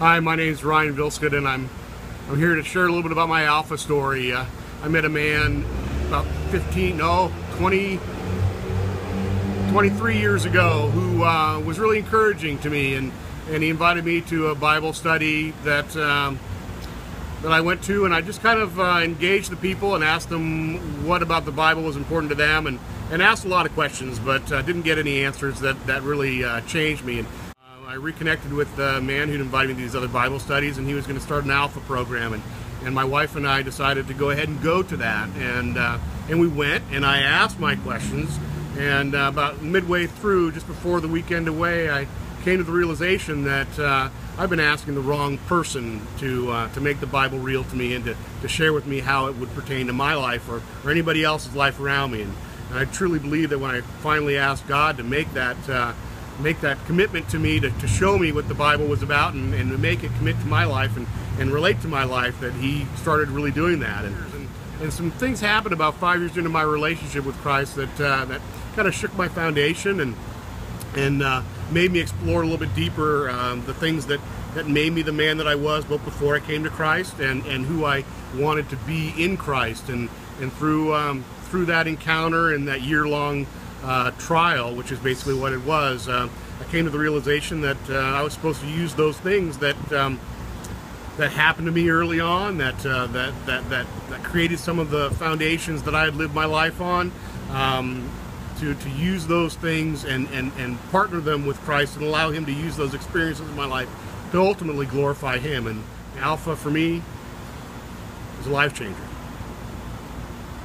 Hi, my name is Ryan Vilskut, and I'm I'm here to share a little bit about my alpha story. Uh, I met a man about 15, no, 20, 23 years ago who uh, was really encouraging to me, and and he invited me to a Bible study that. Um, that I went to, and I just kind of uh, engaged the people and asked them what about the Bible was important to them, and, and asked a lot of questions, but uh, didn't get any answers that that really uh, changed me. And I reconnected with the man who'd invited me to these other Bible studies, and he was going to start an Alpha program, and and my wife and I decided to go ahead and go to that, and uh, and we went, and I asked my questions, and uh, about midway through, just before the weekend away, I came to the realization that uh, I've been asking the wrong person to uh, to make the Bible real to me and to, to share with me how it would pertain to my life or, or anybody else's life around me, and, and I truly believe that when I finally asked God to make that uh, make that commitment to me to, to show me what the Bible was about and, and to make it commit to my life and, and relate to my life that he started really doing that. And, and, and some things happened about five years into my relationship with Christ that, uh, that kind of shook my foundation and, and uh, made me explore a little bit deeper um, the things that, that made me the man that I was both before I came to Christ and, and who I wanted to be in Christ. And, and through, um, through that encounter and that year-long uh, trial, which is basically what it was. Uh, I came to the realization that uh, I was supposed to use those things that um, that happened to me early on, that, uh, that, that that that created some of the foundations that I had lived my life on. Um, to, to use those things and, and, and partner them with Christ and allow Him to use those experiences in my life to ultimately glorify Him. And Alpha for me is a life changer.